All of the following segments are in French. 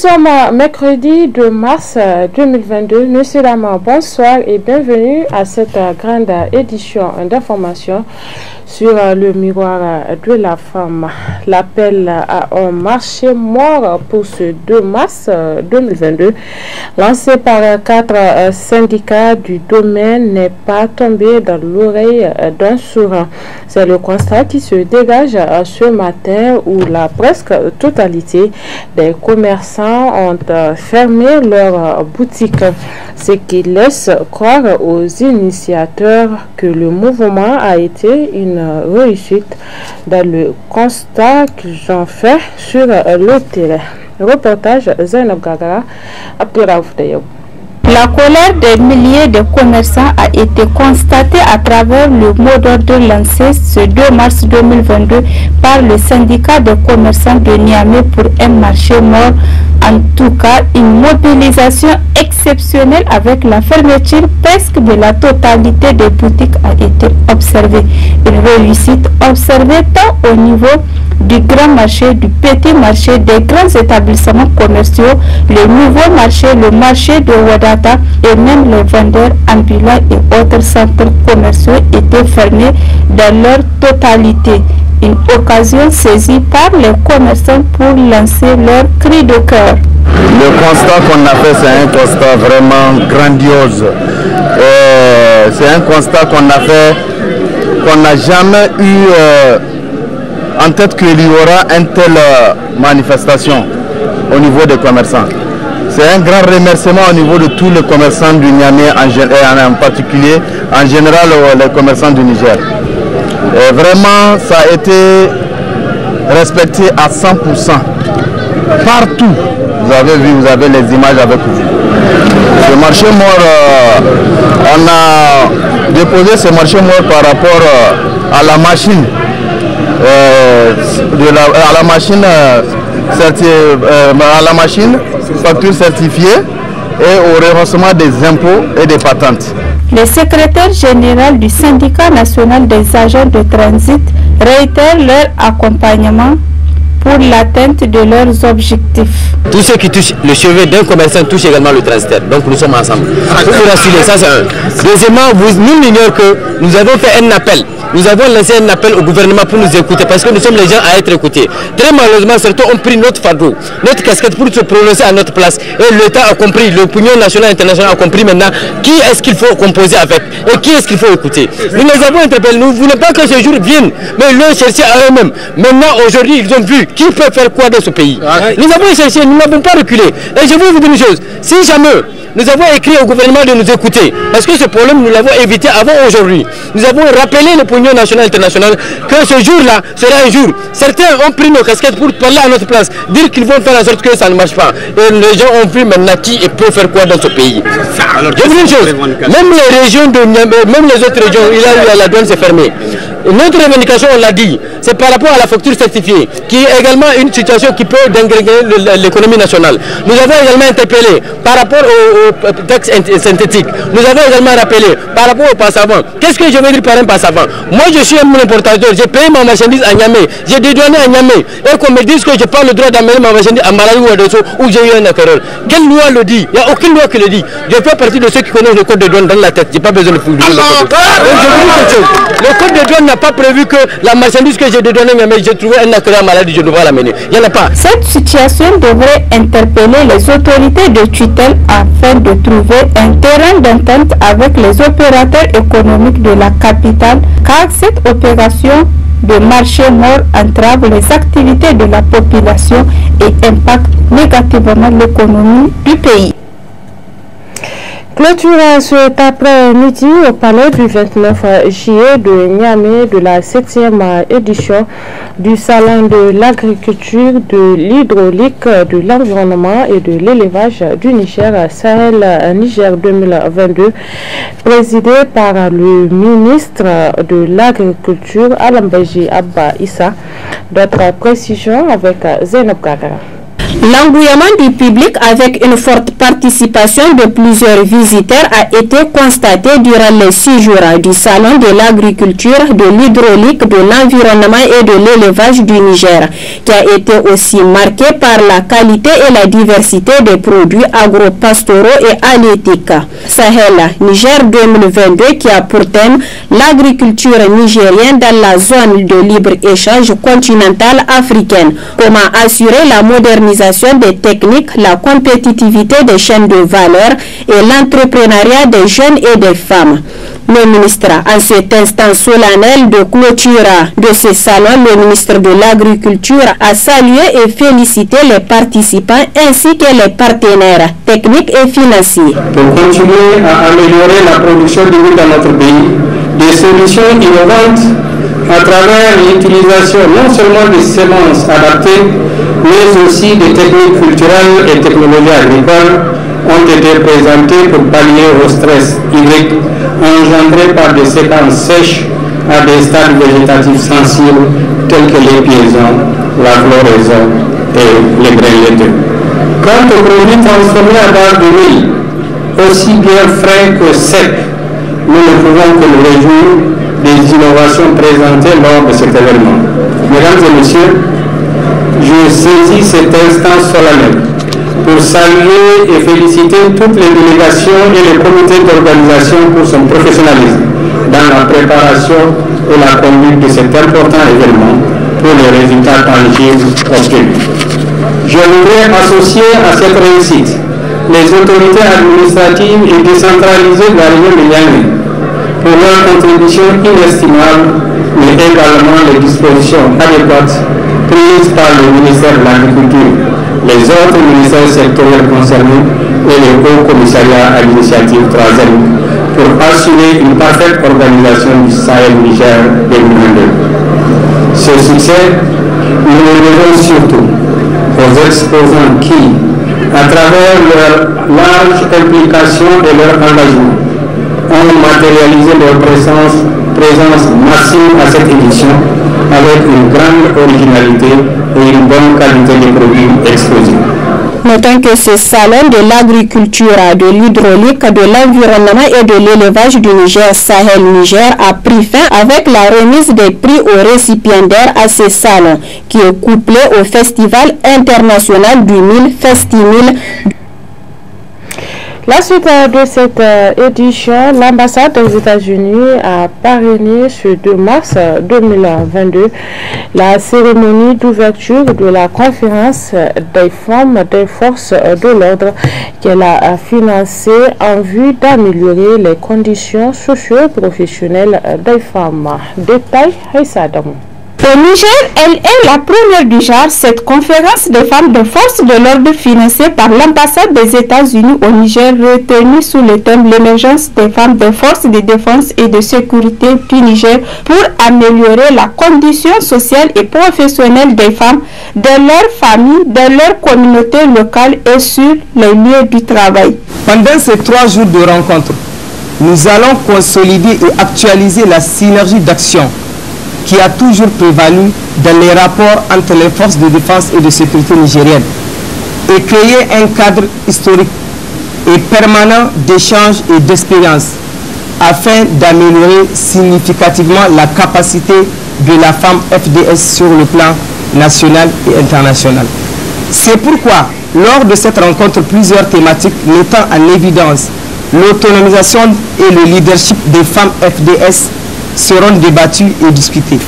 sommes mercredi 2 mars 2022. Monsieur Lama, bonsoir et bienvenue à cette euh, grande édition d'information sur euh, le miroir euh, de la femme. L'appel à un marché mort pour ce 2 mars 2022, lancé par quatre syndicats du domaine, n'est pas tombé dans l'oreille d'un sourd. C'est le constat qui se dégage ce matin où la presque totalité des commerçants ont euh, fermé leur euh, boutique, ce qui laisse croire aux initiateurs que le mouvement a été une euh, réussite dans le constat que j'en fais sur le terrain. Reportage Zainab Gagara, à la colère des milliers de commerçants a été constatée à travers le mot d'ordre lancé ce 2 mars 2022 par le syndicat de commerçants de Niamey pour un marché mort. En tout cas, une mobilisation exceptionnelle avec la fermeture presque de la totalité des boutiques a été observée. Une réussite observée tant au niveau du grand marché, du petit marché, des grands établissements commerciaux, le nouveau marché, le marché de Wadata et même les vendeurs ambulants et autres centres commerciaux étaient fermés dans leur totalité une occasion saisie par les commerçants pour lancer leur cri de cœur. Le constat qu'on a fait, c'est un constat vraiment grandiose. Euh, c'est un constat qu'on a fait, qu'on n'a jamais eu euh, en tête qu'il y aura une telle euh, manifestation au niveau des commerçants. C'est un grand remerciement au niveau de tous les commerçants du Niamey en, en, particulier, en général euh, les commerçants du Niger. Et vraiment, ça a été respecté à 100%. Partout, vous avez vu, vous avez les images avec vous. Ce marché mort, euh, on a déposé ce marché mort par rapport à la machine euh, de à la machine, euh, euh, à la machine, facture certifiée et au remboursement des impôts et des patentes. Le secrétaire général du syndicat national des agents de transit réitère leur accompagnement pour l'atteinte de leurs objectifs. Tout ce qui touche le chevet d'un commerçant touche également le transitaire. Donc nous sommes ensemble. vous rassurer, ça c'est un. Deuxièmement, nous ignorons que nous avons fait un appel. Nous avons lancé un appel au gouvernement pour nous écouter parce que nous sommes les gens à être écoutés. Très malheureusement, certains ont pris notre fardeau, notre casquette pour se prononcer à notre place. Et l'État a compris, l'opinion nationale et internationale a compris maintenant qui est-ce qu'il faut composer avec et qui est-ce qu'il faut écouter. Nous les avons interpellés, nous ne voulons pas que ce jour vienne, mais ils l'ont cherché à eux-mêmes. Maintenant, aujourd'hui, ils ont vu qui peut faire quoi dans ce pays ah, Nous avons essayé, nous n'avons pas reculé. Et je veux vous dire une chose, si jamais nous avons écrit au gouvernement de nous écouter, parce que ce problème, nous l'avons évité avant aujourd'hui. Nous avons rappelé le pognon et international que ce jour-là sera un jour. Certains ont pris nos casquettes pour parler à notre place, dire qu'ils vont faire en sorte que ça ne marche pas. Et les gens ont vu maintenant qui peut faire quoi dans ce pays. Alors, je vous dis une chose, même les régions de même les autres régions, la douane s'est fermée. Notre revendication, on l'a dit, c'est par rapport à la facture certifiée, qui est également une situation qui peut dégrader l'économie nationale. Nous avons également interpellé par rapport au, euh, texte synthétique. Nous avons également rappelé par rapport au passe avant. Qu'est-ce que je veux dire par un passe avant Moi, je suis un importateur, j'ai payé ma marchandise à Niamey, j'ai dédouané à Niamey, et qu'on me dise que je n'ai pas le droit d'amener ma marchandise à Malawi ou à Dosso, où j'ai eu un erreur. Quelle loi le dit Il n'y a aucune loi qui le dit. Je fais partie de ceux qui connaissent le code de douane dans la tête, je n'ai pas besoin de le Le code de douane n'a pas prévu que la marchandise que j'ai j'ai trouvé un acteur malade, je l'amener. Cette situation devrait interpeller les autorités de tutelle afin de trouver un terrain d'entente avec les opérateurs économiques de la capitale, car cette opération de marché mort entrave les activités de la population et impacte négativement l'économie du pays. Clôture cet après-midi au palais du 29 juillet de Niamey de la 7e édition du Salon de l'agriculture, de l'hydraulique, de l'environnement et de l'élevage du Niger Sahel Niger 2022, présidé par le ministre de l'Agriculture Alambaji Abba Issa. D'autres précisions avec Zenob L'engouement du public avec une forte participation de plusieurs visiteurs a été constaté durant les six jours du Salon de l'agriculture, de l'hydraulique, de l'environnement et de l'élevage du Niger, qui a été aussi marqué par la qualité et la diversité des produits agro-pastoraux et halieutiques. Sahel Niger 2022 qui a pour thème l'agriculture nigérienne dans la zone de libre-échange continentale africaine. Comment assurer la modernisation des techniques, la compétitivité des chaînes de valeur et l'entrepreneuriat des jeunes et des femmes. Le ministre, en cet instant solennel de clôture de ce salon, le ministre de l'Agriculture a salué et félicité les participants ainsi que les partenaires techniques et financiers. Pour continuer à améliorer la production de l'huile dans notre pays, des solutions innovantes à travers l'utilisation non seulement des semences adaptées, mais aussi des techniques culturelles et technologies agricoles ont été présentées pour pallier au stress hydrique engendré par des séquences sèches à des stades végétatifs sensibles tels que les piézons, la floraison et les quand Quant aux produits transformés à base de aussi bien frais que sec, nous ne pouvons que nous réjouir des innovations présentées lors de cet événement. Mesdames et messieurs, je saisis cet instant solennel pour saluer et féliciter toutes les délégations et les comités d'organisation pour son professionnalisme dans la préparation et la conduite de cet important événement pour les résultats tangibles obtenus. Je voudrais associer à cette réussite les autorités administratives et décentralisées de la région de pour leur contribution inestimable, mais également les dispositions adéquates prise par le ministère de l'Agriculture, les autres ministères sectoriels concernés et les hauts commissariats à l'initiative 3 pour assurer une parfaite organisation du Sahel-Niger 2022. Ce succès, nous le devons surtout aux exposants qui, à travers leur large implication et leur engagement, ont matérialisé leur présence, présence massive à cette édition avec une grande originalité et une bonne qualité de produits exposés. Notons que ce salon de l'agriculture, de l'hydraulique, de l'environnement et de l'élevage du Niger Sahel Niger a pris fin avec la remise des prix aux récipiendaires à ce salon qui est couplé au Festival international du Mille Festimil la suite euh, de cette euh, édition, l'ambassade des États-Unis a parrainé ce 2 mars 2022 euh, la cérémonie d'ouverture de la conférence des femmes des forces de l'ordre qu'elle a financée en vue d'améliorer les conditions socio-professionnelles des femmes. Détail au Niger, elle est la première du genre. Cette conférence des femmes de force de l'ordre financée par l'ambassade des États-Unis au Niger retenue sous le thème l'émergence des femmes de force de défense et de sécurité du Niger pour améliorer la condition sociale et professionnelle des femmes, de leur famille, de leur communauté locale et sur les lieux du travail. Pendant ces trois jours de rencontre, nous allons consolider et actualiser la synergie d'action qui a toujours prévalu dans les rapports entre les forces de défense et de sécurité nigériennes et créer un cadre historique et permanent d'échange et d'expérience afin d'améliorer significativement la capacité de la femme FDS sur le plan national et international. C'est pourquoi, lors de cette rencontre, plusieurs thématiques mettant en évidence l'autonomisation et le leadership des femmes FDS seront débattus et discutés.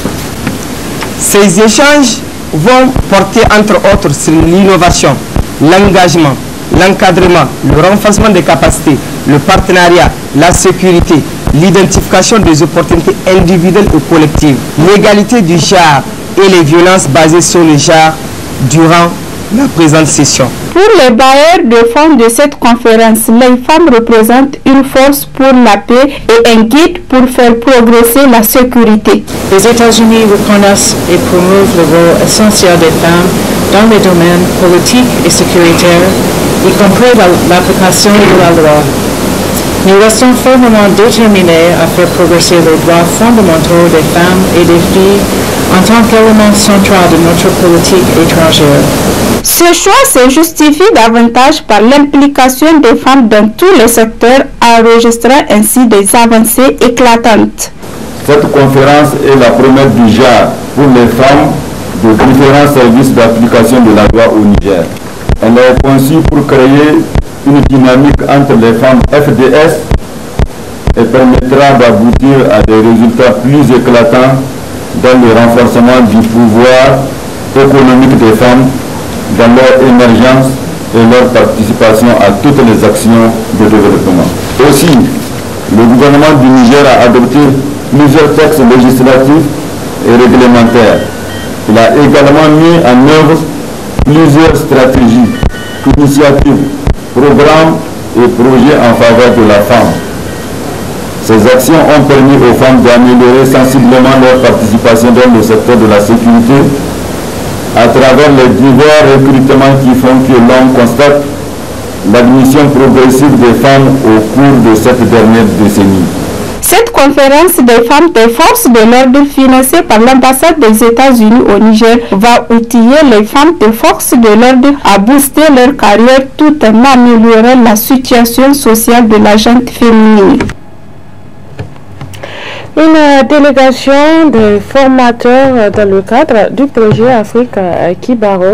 Ces échanges vont porter entre autres sur l'innovation, l'engagement, l'encadrement, le renforcement des capacités, le partenariat, la sécurité, l'identification des opportunités individuelles et collectives, l'égalité du genre et les violences basées sur le genre durant pour les bailleurs de fonds de cette conférence, les femmes représentent une force pour la paix et un guide pour faire progresser la sécurité. Les États-Unis reconnaissent et promeuvent le rôle essentiel des femmes dans les domaines politiques et sécuritaires, y compris l'application de la loi. Nous restons fermement déterminés à faire progresser les droits fondamentaux des femmes et des filles en tant qu'élément central de notre politique étrangère. Ce choix se justifie davantage par l'implication des femmes dans tous les secteurs, enregistrant ainsi des avancées éclatantes. Cette conférence est la première du genre pour les femmes de différents services d'application de la loi au Niger. Elle est conçue pour créer une dynamique entre les femmes FDS et permettra d'aboutir à des résultats plus éclatants dans le renforcement du pouvoir économique des femmes, dans leur émergence et leur participation à toutes les actions de développement. Aussi, le gouvernement du Niger a adopté plusieurs textes législatifs et réglementaires. Il a également mis en œuvre plusieurs stratégies, initiatives programmes et projets en faveur de la femme. Ces actions ont permis aux femmes d'améliorer sensiblement leur participation dans le secteur de la sécurité à travers les divers recrutements qui font que l'on constate l'admission progressive des femmes au cours de cette dernière décennie. La conférence des femmes des forces de l'ordre financée par l'ambassade des États-Unis au Niger va outiller les femmes des forces de l'ordre à booster leur carrière tout en améliorant la situation sociale de la gente féminine. Une délégation de formateurs dans le cadre du projet Afrique Kibaro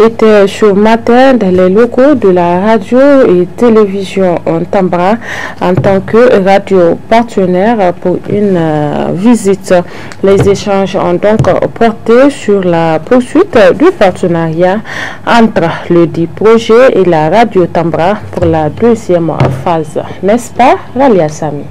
euh, était ce matin dans les locaux de la radio et télévision en Tambra en tant que radio partenaire pour une euh, visite. Les échanges ont donc porté sur la poursuite du partenariat entre le dit projet et la radio Tambra pour la deuxième phase, n'est-ce pas, Ralia Sami?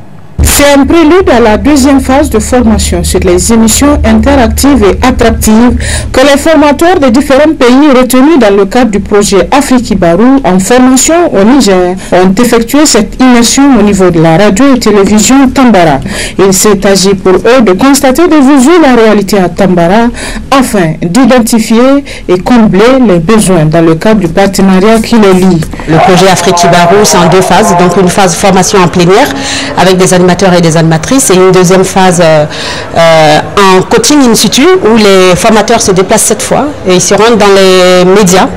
C'est un prélude à la deuxième phase de formation sur les émissions interactives et attractives que les formateurs des différents pays retenus dans le cadre du projet Afrique Barou en formation au Niger ont effectué cette émission au niveau de la radio et télévision Tambara. Il s'est agi pour eux de constater de visu la réalité à Tambara afin d'identifier et combler les besoins dans le cadre du partenariat qui les lie. Le projet Afrique Barou c'est en deux phases, donc une phase formation en plénière avec des animateurs et des animatrices et une deuxième phase euh, euh, en coaching in situ où les formateurs se déplacent cette fois et ils se rendent dans les médias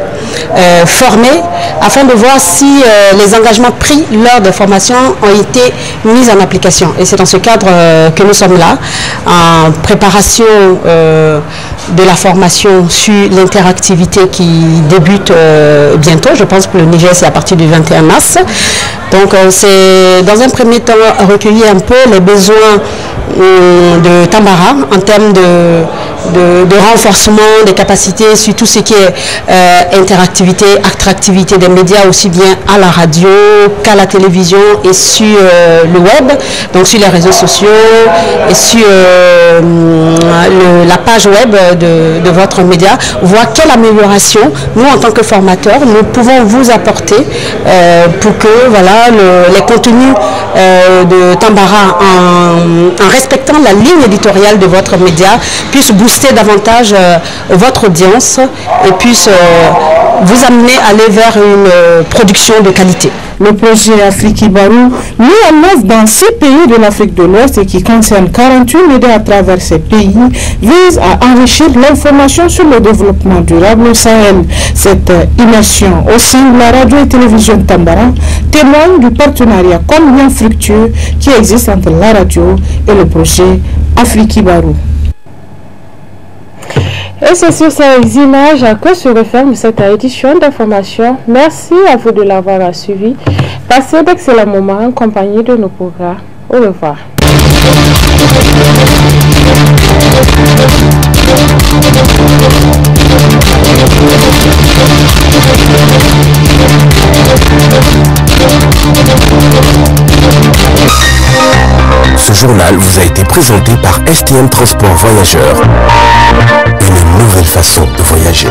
euh, formés afin de voir si les engagements pris lors de formation ont été mis en application. Et c'est dans ce cadre que nous sommes là, en préparation de la formation sur l'interactivité qui débute bientôt. Je pense que le Niger, c'est à partir du 21 mars. Donc euh, c'est dans un premier temps recueillir un peu les besoins euh, de Tamara en termes de, renforcement des capacités sur tout ce qui est euh, interactivité, attractivité des médias, aussi bien à la radio qu'à la télévision et sur le web, donc sur les réseaux sociaux et sur la page web de, de, votre média, voir quelle amélioration nous, en tant que formateurs, nous pouvons vous apporter pour que voilà, euh, les contenus euh, de Tambara en, respectant la ligne éditoriale de votre média puisse booster davantage euh, votre audience et puisse vous amenez à aller vers une euh, production de qualité. Le projet Afrique Ibarou, mis en œuvre dans six pays de l'Afrique de l'Ouest et qui concerne 48 médias à travers ces pays, vise à enrichir l'information sur le développement durable au Sahel. Cette euh, immersion au sein de la radio et télévision Tambara témoigne du partenariat commun fructueux qui existe entre la radio et le projet Afrique Ibarou. Et c'est sur ces images à que se referme cette édition d'information. Merci à vous de l'avoir suivi. Passez d'excellents moments en compagnie de nos programmes. Au revoir. Ce journal vous a été présenté par STM Transport Voyageurs une nouvelle façon de voyager.